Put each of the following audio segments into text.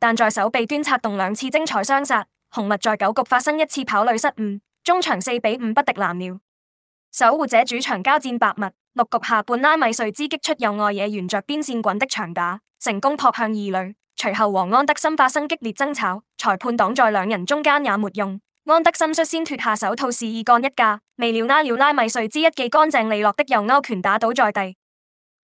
但在手臂端擦動兩次精彩雙殺，紅襪在九局發生一次跑壘失誤，中場四比五不敵藍鳥。守護者主場交戰白襪，六局下半拉米瑞茲擊出右外野沿着邊線滾的長打，成功撲向二壘。隨後和安德森發生激烈爭吵，裁判擋在兩人中間也沒用，安德森率先脫下手套示意幹一架，未料拉了拉米瑞茲一記乾淨利落的右勾拳打倒在地。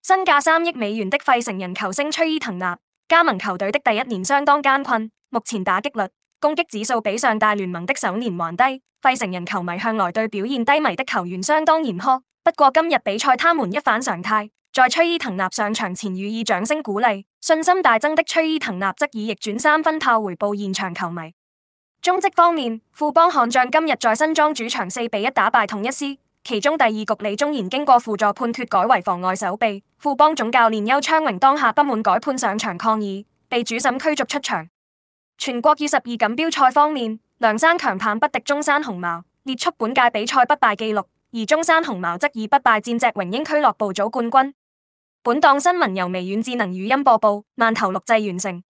身價三億美元的費城人球星崔伊藤納。加盟球隊的第一年相當艱困，目前打擊率、攻擊指數比上大聯盟的首年還低。費城人球迷向來對表現低迷的球員相當嚴苛，不過今日比賽他們一反常態，在崔伊騰納上場前予以掌聲鼓勵，信心大增的崔伊騰納則以逆轉三分炮回報現場球迷。中職方面，富邦悍將今日在新莊主場四比一打敗統一獅。其中第二局李宗賢經過輔助判決改為妨礙手臂，富邦總教練邱昌榮當下不滿改判上場抗議，被主審驅逐出場。全國二十二錦標賽方面，梁山強棒不敵中山紅矛，列出本屆比賽不敗紀錄，而中山紅矛則以不敗戰績榮膺俱樂部組冠軍。本檔新聞由微軟智能語音播報，慢頭錄製完成。